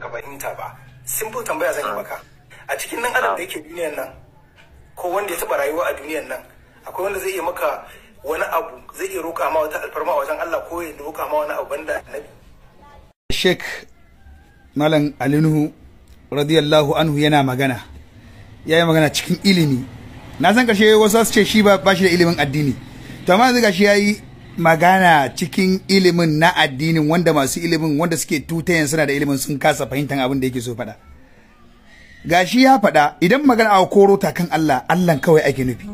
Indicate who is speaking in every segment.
Speaker 1: baka fahimta ba simple tambaya zan yi ah. maka a cikin nan adam da ah. yake duniyan nan ko wanda ya taba rayuwa a duniyan nan akwai wanda zai iya maka wani abu zai iya roƙa ma wata alfarma wajen Allah ko ya roƙa ma wani abu banda annabi Sheikh Malam Alinuhu radiyallahu anhu yana magana yayi magana cikin ilimi na san kashe wasu su ce shi ba shi da ilimin addini to amma yanzu gashi ya yi magana cikin ilimin na addinin wanda masu ilimin wanda suke tutayen suna da ilimin sun kasa fahimtar abin da yake so faɗa gashi ya faɗa idan magana a koro ta kan Allah Allah kawai ake nufi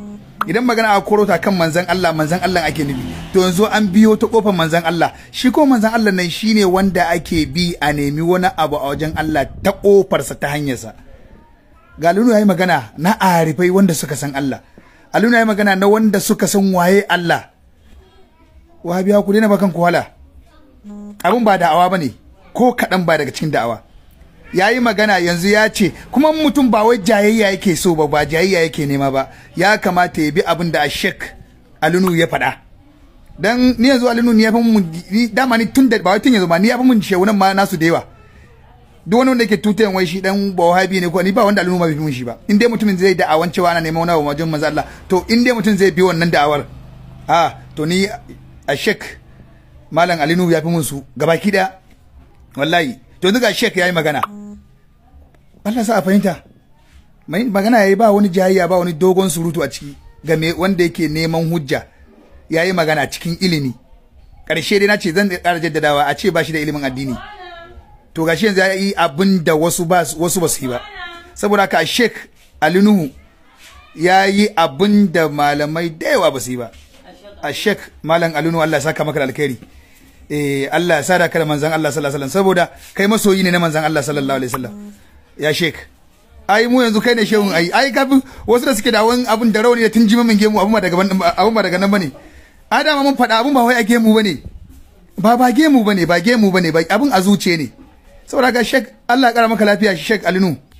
Speaker 1: idan magana a koro ta kan manzan Allah manzan Allah ake nufi to yanzu an biyo ta kofar manzan Allah shi ko manzan Allah nan shi ne wanda ake bi a nemi wani abu a wajen Allah ta kofarsa ta hanyarsa ga Lulu yayi magana na arifai wanda suka san Allah ya yayi magana na wanda suka san waye Allah wahabiya ku daina bakan hala abin ba da'awa ba ne ko kaɗan ba daga cikin da'awa ya yi magana yanzu ya ce kuma mutum ba wai jayayya yake so ba ba jayayya yake nema ba ya kamata ya bi abin da ashek alunu ya faɗa dan ni yanzu alinu ni ya fi mun dama ni tun da ba tun yanzu ba ni ya fi mun shewunan ma nasu da yawa duk wani wanda yake tutayen wai shi dan wahabi ne ko ni ba wanda alinu ma bai mun shi ba in dai mutumin zai da'awan cewa ana neman wani abu majin manzo Allah to in dai mutum zai bi wannan da'awar a ah, to ni a shek malam alinu ya fi mun su gabaki daya wallahi to yanzu ga shek ya yi magana Allah sa a fahimta magana ya ba wani jahiya ba wani dogon surutu a ciki ga game wanda yake neman hujja yayi magana cikin ilimi karshe dai na ce zan ƙara jaddadawa a ce bashi shi da ilimin addini to gashi yanzu yayi yi abin wasu ba wasu ba su yi ba saboda haka shek alinuhu ya yi abin malamai da yawa ba su yi ba a shek malam alunu Allah ya saka maka da alkhairi eh Allah ya sada ka da manzon Allah sallallahu alaihi wasallam saboda kai masoyi ne na manzon Allah sallallahu alaihi wasallam ya shek ai mu yanzu kai ne shehun ai ai kafin wasu da suke da wani abun da rauni da tun jima mun gemu abun ba daga abun ba daga nan bane a mun faɗa abun ba wai a gemu bane ba ba gemu bane ba gemu bane ba abun a zuciye ne saboda ga shek Allah ya kara maka lafiya shek alinu